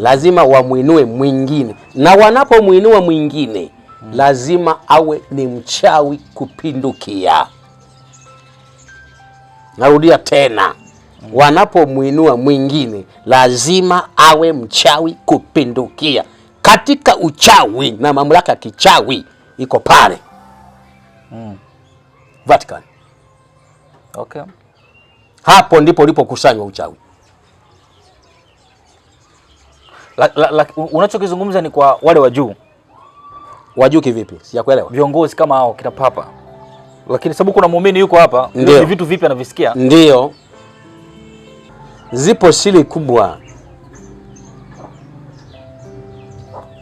lazima wamwinue mwingine, na wanapomwinua mwingine hmm, lazima awe ni mchawi kupindukia. Narudia tena, wanapomwinua mwingine lazima awe mchawi kupindukia. Katika uchawi na mamlaka ya kichawi iko pale hmm. Vatican. Okay. Hapo ndipo ulipokusanywa uchawi. Unachokizungumza ni kwa wale wa juu. Wa juu kivipi? Sijakuelewa. Viongozi kama hao kina Papa, lakini sababu kuna muumini yuko hapa, ni vitu vipi anavisikia? Ndio, zipo siri kubwa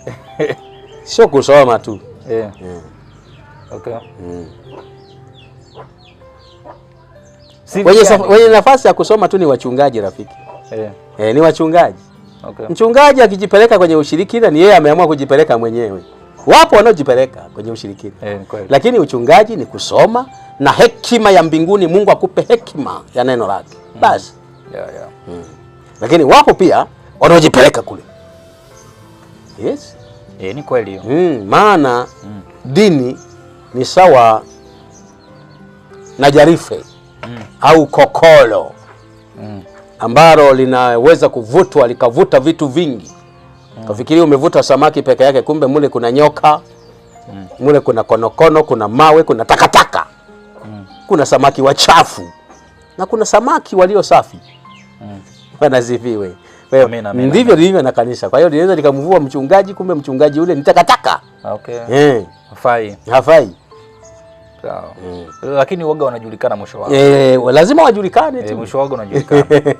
sio kusoma tu yeah. Yeah. Okay. Mm. Wenye nafasi ya kusoma tu ni wachungaji rafiki. Yeah. Yeah, ni wachungaji Okay. Mchungaji akijipeleka kwenye ushirikina ni yeye ameamua kujipeleka mwenyewe. Wapo wanaojipeleka kwenye ushirikina eh, lakini uchungaji ni kusoma na hekima ya mbinguni. Mungu akupe hekima ya neno lake mm. basi. yeah, yeah. mm. Lakini wapo pia wanaojipeleka kule. Yes, eh, ni kweli mm, maana mm. dini ni sawa na jarife mm. au kokolo mm ambalo linaweza kuvutwa likavuta vitu vingi mm. Ufikiri umevuta samaki peke yake, kumbe mule kuna nyoka mm. Mule kuna konokono, kuna mawe, kuna takataka mm. Kuna samaki wachafu na kuna samaki walio safi mm. Wanaziviwe ndivyo lilivyo na kanisa. Kwa hiyo linaweza likamvua mchungaji, kumbe mchungaji ule ni takataka. Okay. Yeah. Hafai. Hafai sawa mm. Lakini woga wanajulikana mwisho wao eh, eh, lazima wajulikane eh, tu, mwisho wao unajulikana.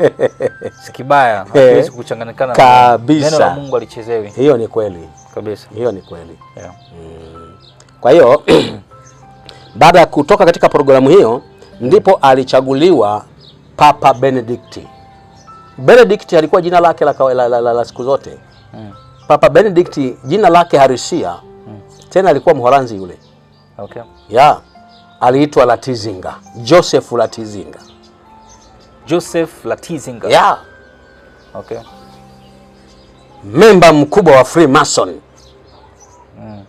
Sikibaya hatuwezi eh, kuchanganyikana kabisa, neno la Mungu alichezewi. Hiyo ni kweli kabisa, hiyo ni kweli yeah. mm. Kwa hiyo baada ya kutoka katika programu hiyo ndipo alichaguliwa Papa Benedict. Benedict alikuwa jina lake la, la, la, la, la siku zote mm. Papa Benedict jina lake harisia mm. Tena alikuwa Mholanzi yule okay. ya aliitwa Latizinga, Joseph Latizinga, Joseph Latizinga. Yeah. Okay. Memba mkubwa wa Freemason mm.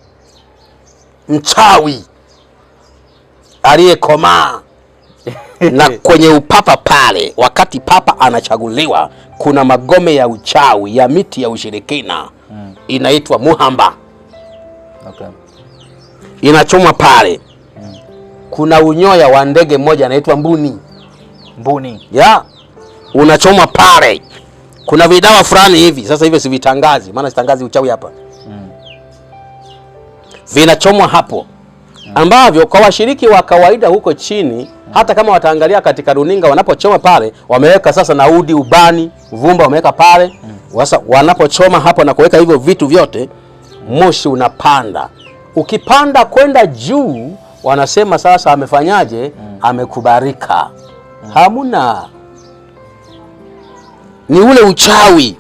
Mchawi aliyekomaa na kwenye upapa pale, wakati papa anachaguliwa, kuna magome ya uchawi ya miti ya ushirikina mm. inaitwa muhamba. Okay. Inachomwa pale kuna unyoya wa ndege mmoja anaitwa mbuni. Mbuni. Ya. Unachoma pale. Kuna vidawa fulani hivi, sasa hivyo sivitangazi, maana sitangazi uchawi hapa. Mm. Vinachomwa hapo mm, ambavyo kwa washiriki wa kawaida huko chini mm, hata kama wataangalia katika runinga wanapochoma pale, wameweka sasa naudi ubani vumba wameweka pale sasa mm, wanapochoma hapo na kuweka hivyo vitu vyote, moshi unapanda, ukipanda kwenda juu wanasema sasa amefanyaje? mm. Amekubarika. mm. Hamuna, ni ule uchawi.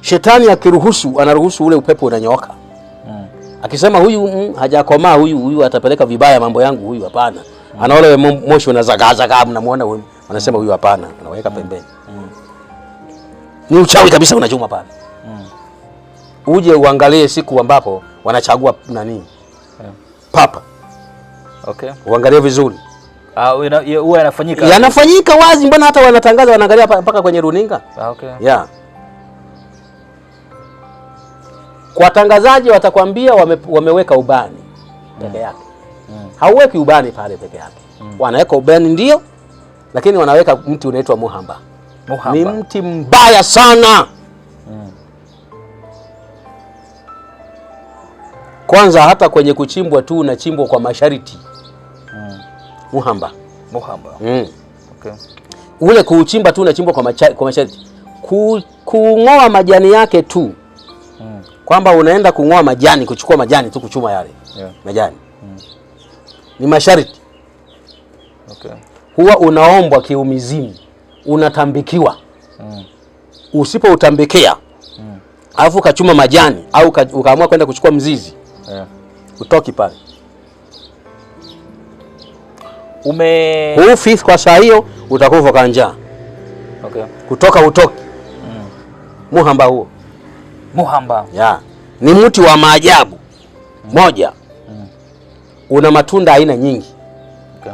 Shetani akiruhusu, anaruhusu ule upepo unanyoka. mm. Akisema huyu mm, hajakomaa huyu, huyu atapeleka vibaya mambo yangu, huyu hapana. mm. Anaole moshi unazagazaga, mnamuona huyu, anasema huyu hapana, anaweka mm. pembeni. mm. Ni uchawi kabisa, unachuma pale. mm. Uje uangalie siku ambapo wanachagua nani papa. Okay. Uangalie vizuri. Uh, huwa inafanyika. Yanafanyika wazi, mbona hata wanatangaza wanaangalia mpaka kwenye runinga. Ah, okay. Yeah. Kwa tangazaji watakwambia wame, wameweka ubani mm. peke yake mm. hauweki ubani pale peke yake mm. wanaweka ubani ndio, lakini wanaweka mti unaitwa muhamba. Muhamba ni mti mbaya sana Kwanza hata kwenye kuchimbwa tu unachimbwa kwa mashariti mm. Muhamba, muhamba. Mm. Okay. Ule kuuchimba tu unachimbwa kwa, kwa mashariti ku, kung'oa majani yake tu mm. Kwamba unaenda kung'oa majani, kuchukua majani tu, kuchuma yale yeah. Majani mm. Ni masharti okay. Huwa unaombwa kiumizimu, unatambikiwa mm. Usipoutambikea hmm. alafu mm. Ukachuma majani au ukaamua kwenda kuchukua mzizi yeah. Utoki pale ume ufi kwa saa hiyo utakufa kwa njaa. Okay. Kutoka utoki mm. Muhamba huo muhamba yeah. Ni mti wa maajabu mm. Moja mm. Una matunda aina nyingi okay.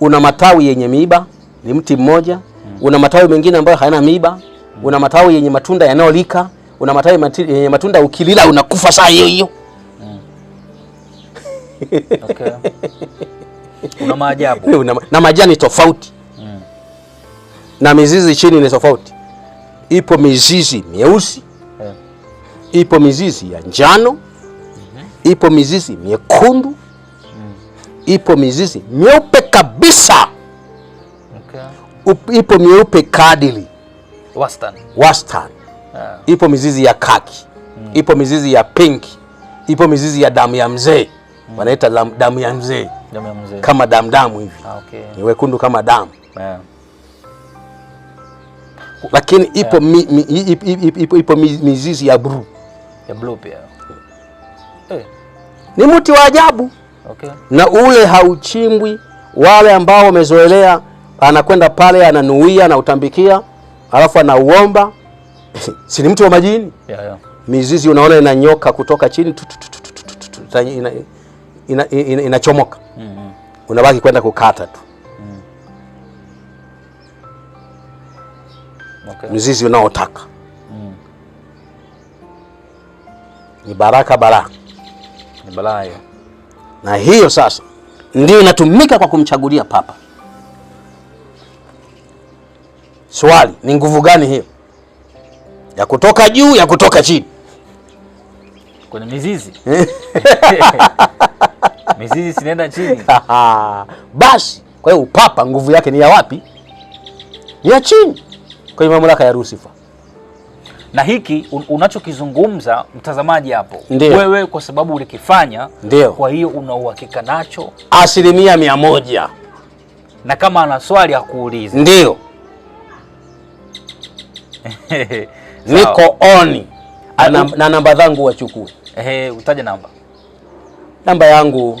Una matawi yenye miiba, ni mti mmoja mm. Una matawi mengine ambayo hayana miiba mm. Una matawi yenye matunda yanayolika, una matawi yenye matunda ukilila unakufa saa hiyo hiyo. Okay. Una maajabu. Na majani tofauti mm. na mizizi chini ni tofauti. Ipo mizizi mieusi yeah. ipo mizizi ya njano mm -hmm. ipo mizizi miekundu mm. ipo mizizi myeupe kabisa okay. ipo meupe kadili wastani wastani yeah. ipo mizizi ya kaki mm. ipo mizizi ya pinki ipo mizizi ya damu ya mzee wanaita mm. damu ya mzee mzee kama damdamu hivi ah, okay. ni wekundu kama damu yeah. Lakini ipo, yeah. mi, mi, ipo, ipo, ipo, ipo mizizi ya bluu ya bluu pia Ni mti wa ajabu okay. Na ule hauchimbwi. Wale ambao wamezoelea, anakwenda pale ananuia anautambikia, alafu anauomba si ni mti wa majini yeah, yeah. Mizizi unaona inanyoka kutoka chini tutututututu inachomoka ina, ina mm -hmm. unabaki kwenda kukata tu mm okay. mzizi unaotaka mm ni baraka balaa ni balaa na hiyo sasa ndio inatumika kwa kumchagulia papa. Swali ni nguvu gani hiyo ya kutoka juu ya kutoka chini kwenye mizizi Mizizi sinaenda chini. Basi, kwa hiyo upapa nguvu yake ni ya wapi? Ni ya chini kwenye mamlaka ya Lucifer. Na hiki un unachokizungumza mtazamaji hapo wewe, kwa sababu ulikifanya, ndio kwa hiyo una uhakika nacho asilimia mia moja, na kama ana swali akuulize, ndio niko oni na namba zangu wachukue. Ehe, utaje namba namba yangu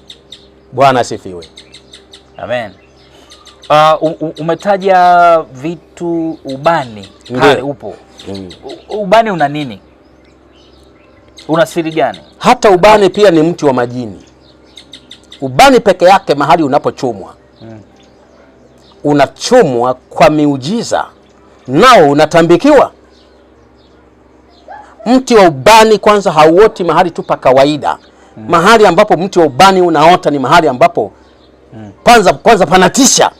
Bwana asifiwe. Amen. Uh, umetaja vitu ubani pale upo. Mm. Ubani una nini? Una siri gani? Hata ubani pia ni mti wa majini. Ubani peke yake mahali unapochumwa mm. unachumwa kwa miujiza, nao unatambikiwa. Mti wa ubani kwanza hauoti mahali tu pa kawaida mm. mahali ambapo mti wa ubani unaota ni mahali ambapo mm. kwanza kwanza panatisha,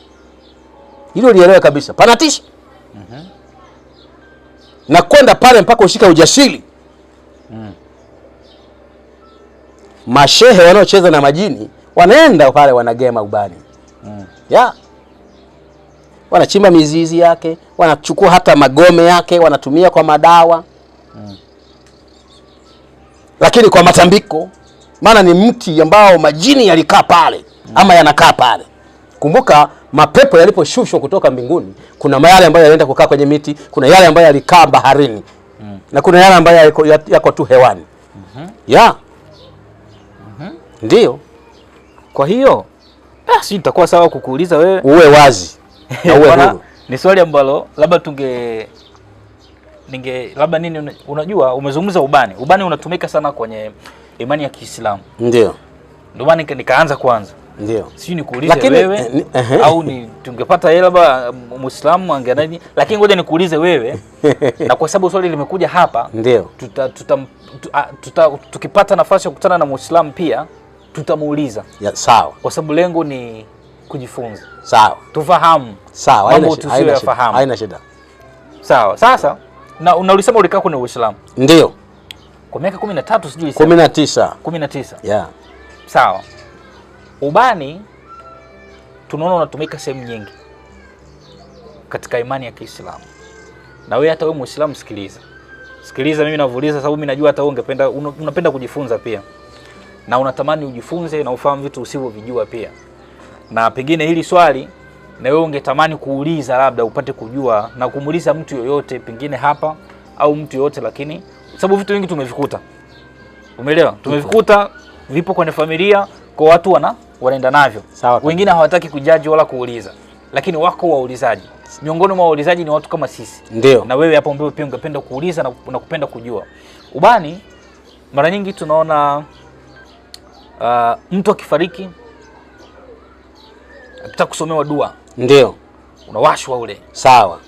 hilo lielewe kabisa, panatisha mm -hmm. na kwenda pale mpaka ushika ujasiri mm. mashehe wanaocheza na majini wanaenda pale wanagema ubani mm. yeah wanachimba mizizi yake, wanachukua hata magome yake, wanatumia kwa madawa mm. lakini kwa matambiko maana ni mti ambao majini yalikaa pale ama yanakaa pale. Kumbuka mapepo yaliposhushwa kutoka mbinguni, kuna yale ambayo yalienda kukaa kwenye miti, kuna yale ambayo yalikaa baharini mm. na kuna yale ambayo yako, yako tu hewani mm -hmm. ya mm -hmm. Kwa hiyo eh, si tutakuwa sawa kukuuliza wewe, uwe wazi na uwe huru. Ni swali ambalo labda tunge ninge labda nini, unajua umezungumza ubani. Ubani unatumika sana kwenye imani ya Kiislamu. Ndio. Ndio maana nikaanza kwanza. Ndio. Sio nikuulize wewe eh, ni, uh -huh. au ni tungepata hela ba Muislamu angenaje? Lakini ngoja nikuulize wewe na kwa sababu swali limekuja hapa ndio. Tuta, tuta, tuta, tuta, tukipata nafasi ya kukutana na Muislamu pia tutamuuliza. Ya, sawa. Kwa sababu lengo ni kujifunza. Sawa. Tufahamu. Sawa. Haina shida. Haina shida. Sawa. Sasa na unalisema ulikaa kwenye Uislamu. Ndio. Kwa miaka 13 sijui 19. 19. Yeah. Sawa. Ubani tunaona unatumika sehemu nyingi katika imani ya Kiislamu. Na wewe hata wewe Muislamu sikiliza. Sikiliza mimi navuliza sababu mimi najua hata wewe ungependa unapenda kujifunza pia. Na unatamani ujifunze na ufahamu vitu usivyovijua pia. Na pengine hili swali na wewe ungetamani kuuliza labda upate kujua na kumuuliza mtu yoyote pengine hapa au mtu yoyote lakini sababu vitu vingi tumevikuta, umeelewa? Tumevikuta, vipo kwenye familia, kwa watu wana wanaenda navyo. Wengine hawataki kujaji wala kuuliza, lakini wako waulizaji. Miongoni mwa waulizaji ni watu kama sisi, ndio na wewe hapo mbele pia ungependa kuuliza na, na kupenda kujua. Ubani mara nyingi tunaona uh, mtu akifariki akitaka kusomewa dua, ndio unawashwa ule, sawa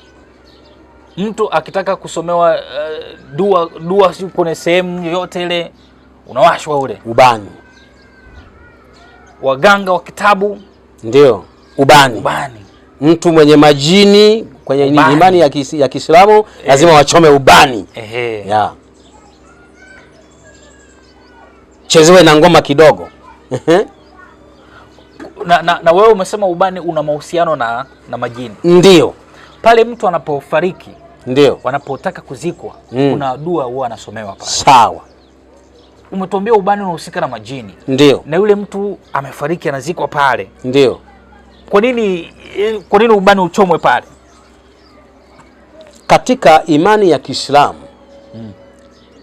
mtu akitaka kusomewa uh, dua dua, kwenye sehemu yoyote ile unawashwa ule ubani, waganga wa kitabu ndio ubani. Ubani mtu mwenye majini kwenye imani ya Kiislamu lazima wachome ubani yeah. Chezewe na ngoma kidogo na, na, na wewe umesema ubani una mahusiano na, na majini. Ndio pale mtu anapofariki ndio wanapotaka kuzikwa mm. kuna dua huwa anasomewa pale. Sawa, umetuambia ubani unahusika na majini, ndio na yule mtu amefariki anazikwa pale, ndio kwa nini, eh, kwa nini ubani uchomwe pale? Katika imani ya Kiislamu mm.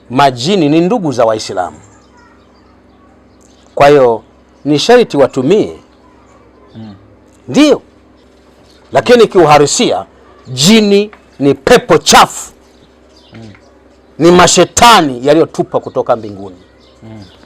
majini ni ndugu za Waislamu, kwa hiyo ni sharti watumie mm. ndio, lakini kiuharisia jini ni pepo chafu, mm. ni mashetani yaliyotupa kutoka mbinguni. Mm.